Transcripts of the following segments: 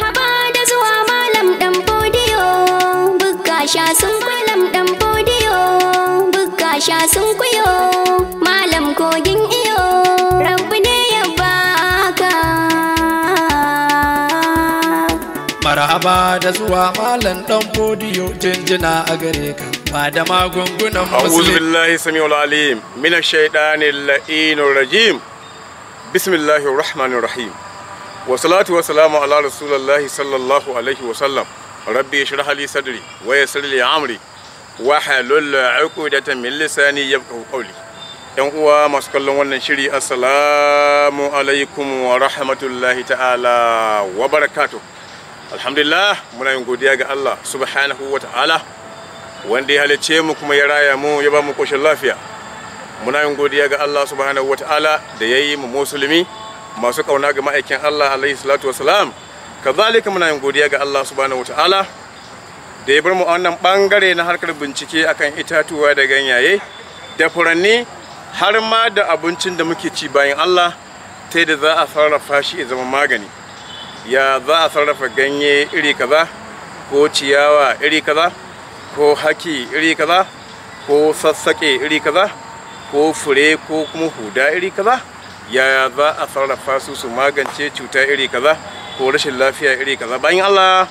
marhaba da zuwa malam dan podiyo buga sha sun kulam dan podiyo buga sha sun kuyo malam kogin iyo rabbi ne ya baka marhaba da zuwa malam dan podiyo jinjina a gare ka ba da magungunan musulmi a'udhu billahi samiul alim minash shaitanir la'inur rajim bismillahir rahmanir rahim wa salatu wa salamu ala rasulullahi sallallahu alaihi wa sallam rabbi shirah li sadri wa yassir li amri wa halul 'uqdatan min lisani yafqahu qawli yan uwa masu kallon wannan shiri assalamu alaikum wa rahmatullahi ta'ala wa barakatuh alhamdulillah muna yin godiya ga Allah subhanahu wa ta'ala wanda ya halice mu kuma ya raya mu ya ba mu koshin lafiya muna yin godiya ga Allah subhanahu wa ta'ala da yayi mu musulmi masu kauna ga ma'aikin Allah alaihi salatu wasalam kazalika muna yin godiya ga Allah subhanahu wataala da ya bar mu a wannan bangare na harkar bincike akan itatuwa da ganyaye da furanni har ma da abincin da muke ci bayan Allah ta da za a sarrafa shi ya zama magani ya za a sarrafa ganye iri kaza ko ciyawa iri kaza ko haki iri kaza ko sassaƙe iri kaza ko fure ko kuma huda iri kaza yaya za a sarrafa su su magance cuta iri kaza ko rashin lafiya iri kaza bayan Allah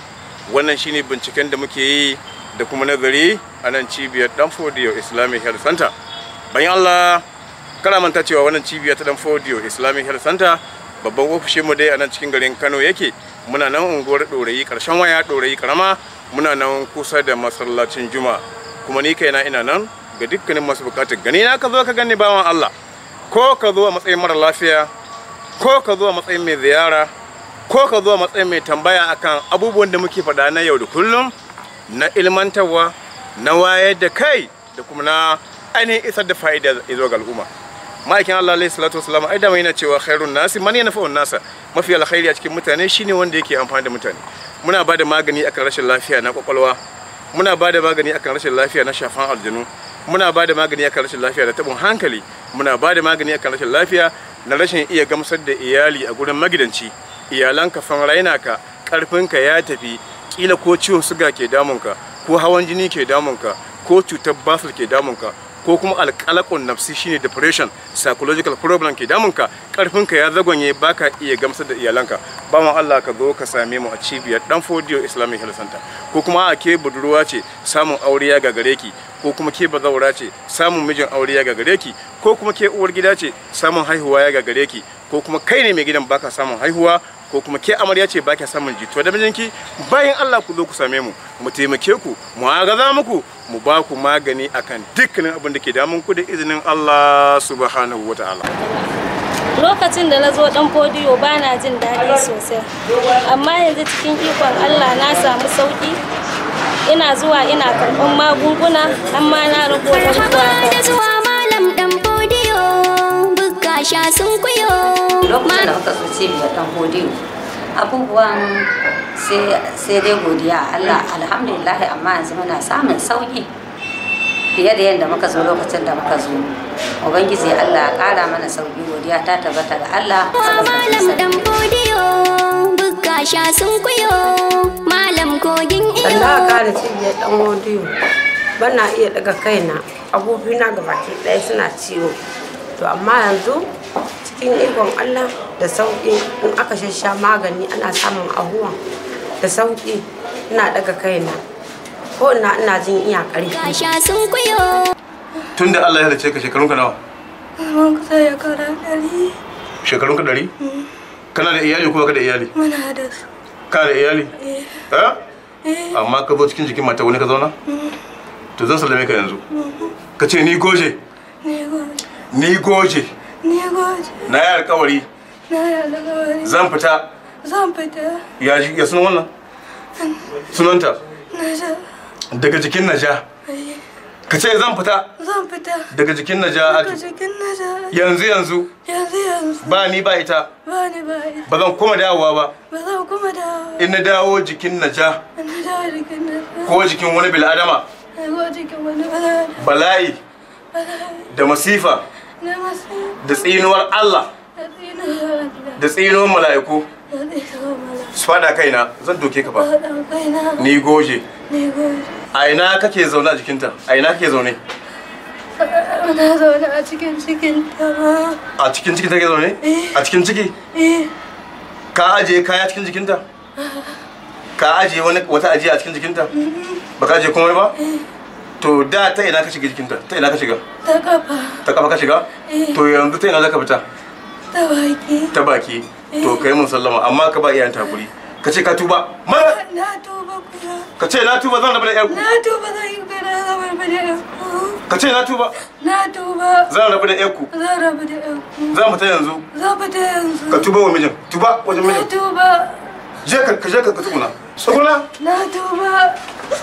wannan shine binciken da muke yi da kuma nazari a nan cibiyar Danfodiyo Islamic Health Center bayan Allah kana manta cewa wannan cibiyar ta Danfodiyo Islamic Health Center babban ofishin mu dai a nan cikin garin Kano yake muna nan unguwar Dorayi karshen waya Dorayi karama muna nan kusa da masallacin Juma'a kuma ni kaina ina nan ga dukkanin masu bukatar gani na ka zo ka gani bawan Allah ko ka zo a matsayin mara lafiya ko ka zo a matsayin mai ziyara ko ka zo a matsayin mai tambaya akan abubuwan da muke faɗa na yau da kullum na ilmantarwa na wayar da kai da kuma na ainihin isar da fa'ida zuwa ga al'umma ma'aikin Allah alaihi salatu wasalam ai dama yana cewa khairun nasi man yana fa'un nasa mafi alkhairi a cikin mutane shine wanda yake amfani da mutane muna bada magani akan rashin lafiya na kwakwalwa muna bada magani akan rashin lafiya na shafan aljanu muna bada magani akan rashin lafiya da tabon hankali muna ba da magani akan rashin lafiya na rashin iya gamsar da iyali a gurin magidanci iyalanka fan raina ka karfinka ya tafi kila ko ciwon suga ke damunka ko hawan jini ke damunka ko cutar basal ke damunka ko kuma alƙalakon nafsi shine depression psychological problem ke damunka karfinka ya zagonye baka iya gamsar da iyalanka ba mu Allah ka zo ka same mu a cibiyar dan fodio islamic health center ko kuma a ke budurwa ce samun aure ya gagare ki ko kuma ke bazaura ce samun mijin aure ya gagare ki ko kuma ke uwar gida ce samun haihuwa ya gagare ki ko kuma kai ne mai gidan baka samun haihuwa ko kuma ke amarya ce baka samun jituwa da mijinki bayan Allah ku zo ku same mu mu taimake ku mu agaza muku mu ba ku magani akan dukkanin abin da ke damun ku da izinin Allah subhanahu wataala lokacin da na zo dan fodiyo ba na jin daɗi sosai amma yanzu cikin ikon Allah na samu sauki ina zuwa ina karɓar magunguna amma na rubuta sha sun kuyo lokacin da muka so cibiyar dan hodiyo abubuwan sai dai godiya Allah alhamdulillah amma yanzu muna samun sauki fiye da yadda muka zo lokacin da muka zo ubangiji Allah ya kara mana sauki godiya ta tabbata ga Allah dan godiyo buka sha sun kuyo malam kogin iyo Allah kare cibiyar dan godiyo bana iya daga kaina gaba gabaki ɗaya suna ciwo to amma yanzu cikin ikon allah da sauki in aka shasha magani ana samun ahuwa da sauki ina daga kaina ko ina ina jin iya ƙarfi tun da allah ya halice ka ka nawa shekarunka ɗari mm. kana da iyali kuma ka da iyali muna da su kana da iyali eh. Eh? eh amma ka zo cikin jikin mata wani ka zauna mm. to zan sallame ka yanzu mm-hmm. ka ce ni goje ni goje Ni goje. Na yi alkawari. Zan fita. Ya sunan wannan? Sunanta. Daga jikin Naja. Ka ce zan fita. Daga jikin Naja Yanzu yanzu. Ba ni ba ita. Ba ni ba zan kuma dawowa ba. In na dawo jikin Naja. Ko jikin wani bil'adama. Ko jikin wani Bala'i. Da masifa. da tsinuwar Allah da tsinuwar mala'iku su fada kaina zan doke ka ba ni goje a ina kake zaune a jikinta a ina kake zaune Ana zaune a cikin cikin ta A cikin cikin take zaune? A cikin ciki? Eh. Eh. Ka aje kaya cikin jikinta? Ka aje wani wata ajiya a cikin jikinta? Baka aje komai ba? Eh. to da ta ina ka shiga jikin ta ina ka shiga ta kafa ta kafa ka shiga eh. to yanzu ta ina za ka fita ta baki ta baki to eh. kai mun sallama amma ka ba iyayen takuri ka ce ka tuba mara na tuba kuma ka ce na tuba zan raba da yarku na tuba zan yi ka zan raba da yarku ka ce na tuba na tuba zan raba da yarku zan raba da yarku zan fita yanzu zan fita yanzu ka tuba wa mijin tuba wajen mijin tuba je ka je ka tsuguna tsuguna na duba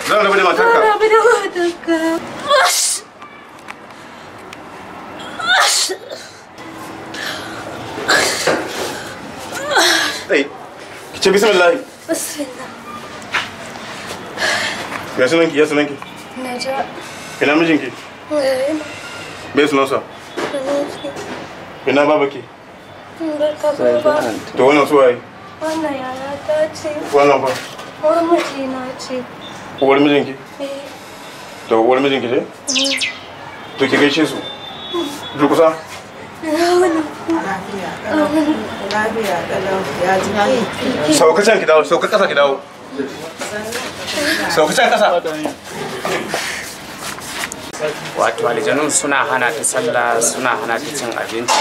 zan rabu da matarka zan rabu da matarka Ei, ki ce bismillah. Bismillah. Ya sunan ki, ya sunan ki. Najwa. Ina mijin ki? Me sunan sa? Ina baba ki? Ina baba. To wannan suwaye? Wannan yaya ta ce. Wannan ba. Uwar mijina ce. Uwar mijinki? Eh. To uwar mijinki ce? Eh. To ki gaishe su. Durkusa. Sauka can ki dawo, sauka ƙasa ki dawo. Sauka can ƙasa. wato aljanun suna hana ta sallah suna hana ta cin abinci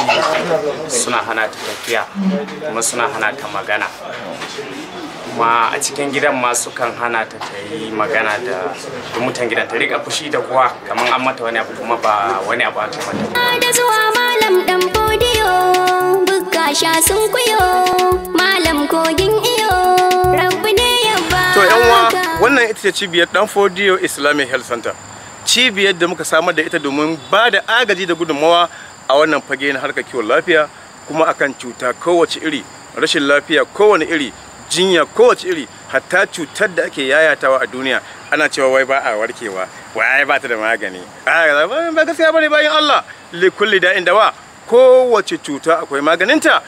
suna hana ta tafiya kuma suna hana ta magana kuma a cikin gidan ma sukan hana ta ta yi magana da mutan gidan ta riƙa fushi da kuwa kamar an mata wani abu kuma ba wani abu aka mata da zuwa malam dan bodiyo bukka sha sun kuyo malam kogin iyo rabbi ne ya ba to yan wannan ita ce cibiyar dan fodiyo islamic health center cibiyar da muka samar da ita domin ba da agaji da gudunmawa a wannan fage na harkar kiwon lafiya kuma akan cuta kowace iri rashin lafiya kowane iri jinya kowace iri hatta cutar da ake yayatawa a duniya ana cewa wai ba a warkewa wai ba ta da magani ba gaskiya bane bayan Allah li kulli da'in dawa kowace cuta akwai maganinta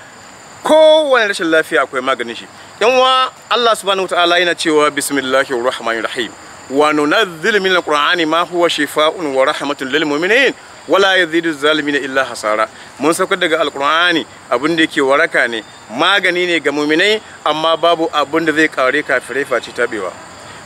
kowane rashin lafiya akwai maganin shi yan wa Allah subhanahu wataala yana cewa bismillahir rahmanir rahim wa nunadhdhilu na alqur'ani ma huwa shifaa'un wa rahmatun lil mu'minin wala zalimi na illa hasara mun saukar daga alqur'ani abin da yake waraka ne magani ne ga mu'minai amma babu abin da zai kare kafirai face tabewa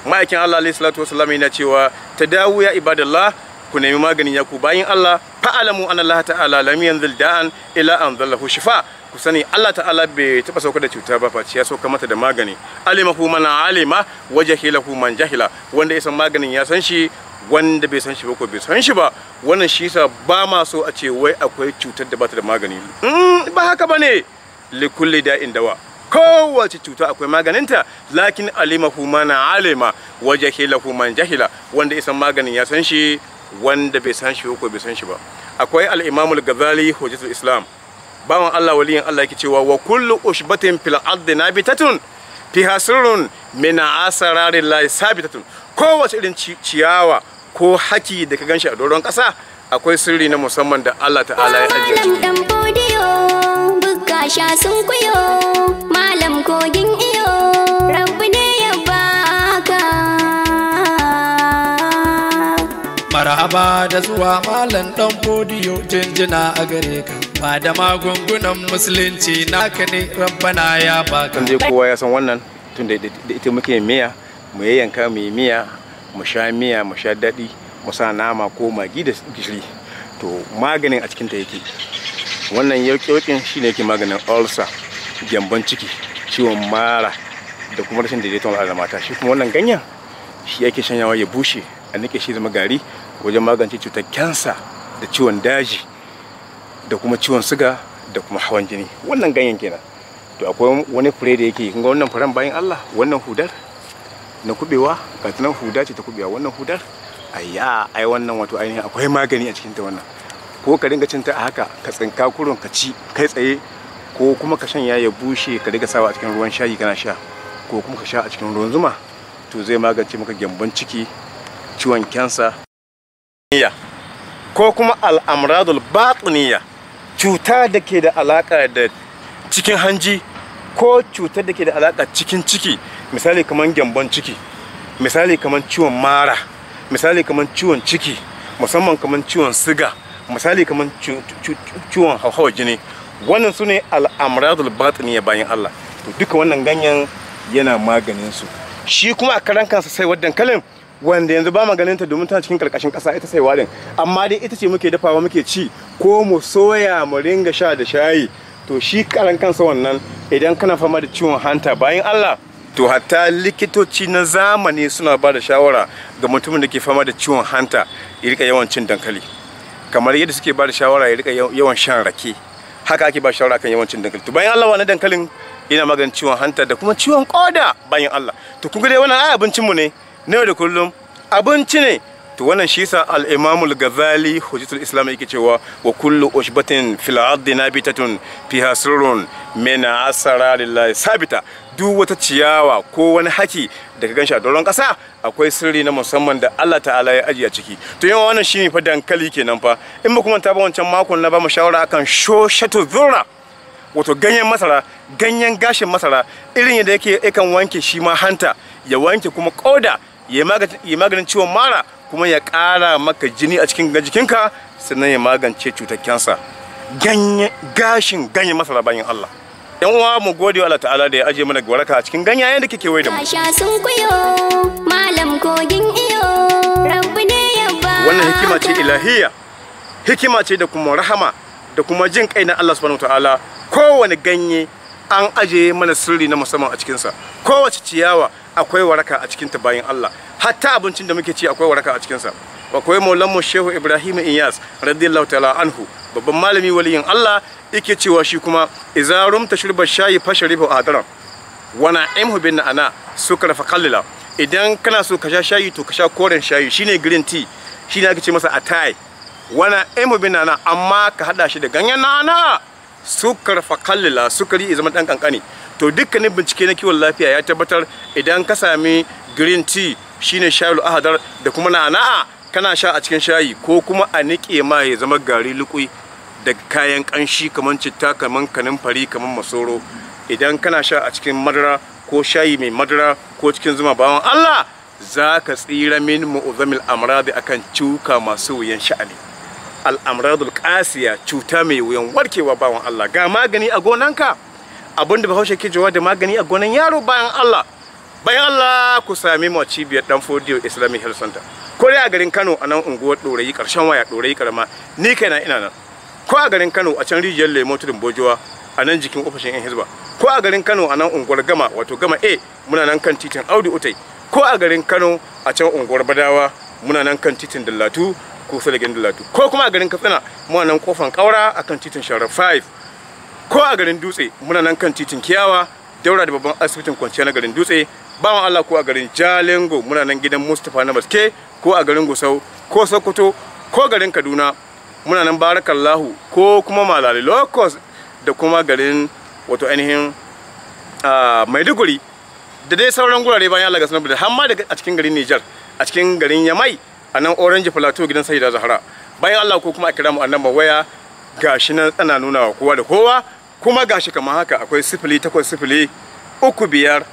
ma'aikin Allah alaihi salatu wasallam yana cewa tadawu ya ibadallah ku nemi maganin ya ku bayin Allah fa'alamu an Allah ta'ala lam yanzil da'an ila zallahu shifa ku sani Allah ta'ala bai taba sauka da cuta ba face ya sauka mata da magani alimahu man alima wa jahilahu man jahila wanda ya san maganin ya san shi wanda bai san shi ba ko bai san shi ba wannan shi yasa ba ma so a ce wai akwai cutar da bata da magani mm, ba haka bane likulli da'in dawa kowace cuta akwai maganinta lakin alimahu mana alima wajahilahu man jahila wanda isan maganin ya san shi wanda bai san shi ko bai san shi ba akwai al-imamul gazali hujjatul islam bawan Allah waliyin Allah yake cewa wa kullu ushbatin fil ardi nabitatun fiha sirrun min asrarillahi sabitatun kowace irin ciyawa ko haki da ka ganshi a doron kasa akwai sirri na musamman da Allah ta'ala ya ajiye shi malam kogin iyo marhaba da zuwa malam dan fodiyo jinjina a gare ka ba da magungunan musulunci naka ne rabbana ya baka je kowa ya san wannan tun da ita muke miya mu yanka mu miya mu sha miya mu sha daɗi mu sa nama ko magi da gishiri to maganin a cikin cikinta yake wannan yauƙin shi ne yake maganin ulcer gyambon ciki ciwon mara da kuma rashin daidaiton al'ada mata shi kuma wannan ganyen shi yake shanyawa ya bushe a nike shi zama gari wajen magance cutar kansa da ciwon daji da kuma ciwon siga da kuma hawan jini wannan ganyen kenan to akwai wani fure da yake kinga wannan furen bayan Allah wannan hudar na kubewa ga nan huda ce ta kubewa wannan hudar ayya ai wannan wato ainihin akwai magani a cikin ta wannan ko ka dinga cinta a haka ka tsinka kurun ka ci kai tsaye ko kuma ka shanya ya bushe ka dinga sawa a cikin ruwan shayi kana sha ko kuma ka sha a cikin ruwan zuma to zai magance maka gyambon ciki ciwon kansa. ko kuma al'amradul batiniya cuta da ke da alaƙa da cikin hanji ko cutar da ke da alaƙa cikin ciki misali kamar gyambon ciki misali kamar ciwon mara misali kamar ciwon ciki musamman kamar ciwon siga misali kamar ciwon hauhawa jini wannan su ne al'amradul batiniya bayan Allah to duka wannan ganyen yana maganin su shi kuma a karan kansa sai wadankalin wanda yanzu ba maganinta ta domin tana cikin karkashin kasa ita sai din amma dai ita ce muke dafawa muke ci ko mu soya mu ringa sha da shayi to shi karan kansa wannan idan kana fama da ciwon hanta bayan Allah to hatta likitoci na zamani suna ba da shawara ga mutumin da ke fama da ciwon hanta ya rika yawan cin dankali kamar yadda suke ba da shawara ya rika yawan shan rake haka ake ba shawara kan yawan cin dankali to bayan Allah wannan dankalin yana maganin ciwon hanta da kuma ciwon koda bayan Allah to kun ga dai wannan ai abincin mu ne ne da kullum abinci ne to wannan shi sa al-Imam al-Ghazali hujjatul Islam yake cewa wa kullu ushbatin fil ardi nabitatun fiha sirrun min asara lillahi sabita duk wata ciyawa ko wani haki da ka ganshi a doron kasa akwai sirri na musamman da Allah ta'ala ya ajiye ciki to yawan wannan shi ne fa dankali kenan fa in ba kuma ta ba wancan makon na ba mu shawara akan shoshatu zurra wato ganyen masara ganyen gashin masara irin yadda yake yakan wanke shi ma hanta ya wanke kuma koda ya maganin ciwon mara kuma ya ƙara maka jini a cikin jikinka sannan ya magance cutar kyansa gashin ganyen masara bayan Allah yan uwa mu gode wa Allah ta'ala da ya aje mana waraka a cikin ganyayen da kike wai da mu sun kuyo malam kogin iyo rabbi ne ya ba wannan hikima ce ilahiya hikima ce da kuma rahama da kuma jin kai na Allah subhanahu wa ta'ala kowane ganye an ajiye mana sirri na musamman a cikinsa kowace ciyawa akwai waraka a cikinta bayan Allah hatta abincin da muke ci akwai waraka a cikinsa akwai maulanmu shehu ibrahim iyas radiyallahu ta'ala anhu babban malami waliyin Allah yake cewa shi kuma idza rum tashriba shayi fashribu adara wa na'imhu bin ana sukra fa qallila idan kana so ka sha shayi to ka sha koren shayi shine green tea shine ake ce masa atai wa na'imhu bin ana amma ka hada shi da ganyen na'ana sukar fakallila sukari ya zama dan kankani to dukkanin bincike na kiwon lafiya ya tabbatar idan ka sami green tea shine shayul ahadar da kuma na'ana kana sha a cikin shayi ko kuma a niƙe ma ya zama gari lukui da kayan kanshi kaman citta kaman kanin fari kaman masoro idan kana sha a cikin madara ko shayi mai madara ko cikin zuma bawan Allah za ka tsira min mu'uzamil amradi akan cuka masu wuyan sha'ani al'amradul qasiya cuta mai wuyan warkewa bawan Allah ga magani a gonanka abinda bahaushe ke jawa da magani a gonan yaro bayan Allah bayan Allah ku sami mu cibiyar dan fodiyo Islamic Health Center ko dai a garin Kano a nan unguwar Dorayi karshen waya Dorayi karama ni kaina ina nan ko a garin Kano a can rijiyar Lemo tudun Bojowa a nan jikin ofishin yan Hizba ko a garin Kano a nan unguwar Gama wato Gama A muna nan kan titin Audu Utai ko a garin Kano a can unguwar Badawa muna nan kan titin Dallatu kusa da latu ko kuma a garin katsina muna nan kofan kaura akan titin shara 5 ko a garin dutse muna nan kan titin kiyawa daura da babban asibitin kwanciya na garin dutse ba wa allah ko a garin jalingo muna nan gidan mustapha na baske ko a garin gusau ko sokoto ko garin kaduna muna nan barakallahu ko kuma malali locos da kuma garin wato ainihin maiduguri da dai sauran gurare bayan allah ga sanar da hamma a cikin garin nijar a cikin garin yamai a nan orange plateau gidan sayyida zahra bayan allah ko kuma a kira mu annan waya gashi nan tsana nuna wa kowa da kowa kuma gashi kamar haka akwai sifili takwas sifili uku biyar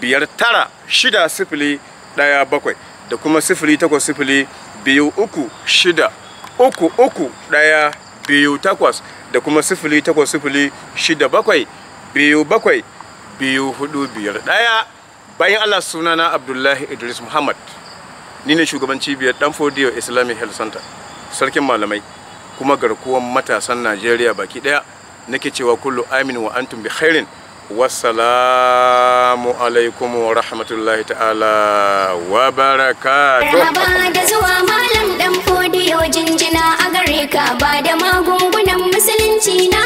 biyar tara shida sifili ɗaya bakwai da kuma sifili takwas sifili biyu uku shida uku uku ɗaya biyu takwas da kuma sifili takwas sifili shida bakwai biyu bakwai biyu hudu biyar ɗaya bayan allah sunana abdullahi idris muhammad ni ne shugaban cibiyar danfodiyo islamic health center sarkin malamai kuma garkuwar matasan najeriya baki daya nake cewa kullu aminu wa antum bi khairin wassalamu alaikum wa rahmatullahi ta'ala wa barakatuh zuwa malam ɗan jinjina a gare ba da magungunan musulunci na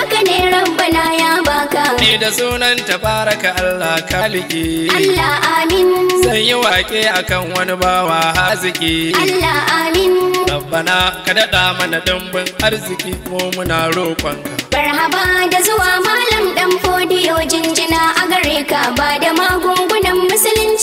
Ni da sunan tabaraka Allah kaliki Allah amin Zan yi waƙe akan wani bawa haziki Allah amin Rabbana ka daɗa mana dambun arziki ko muna ka Barhaba da zuwa malam ɗan fodiyo jinjina a gare ka ba da magungunan musulunci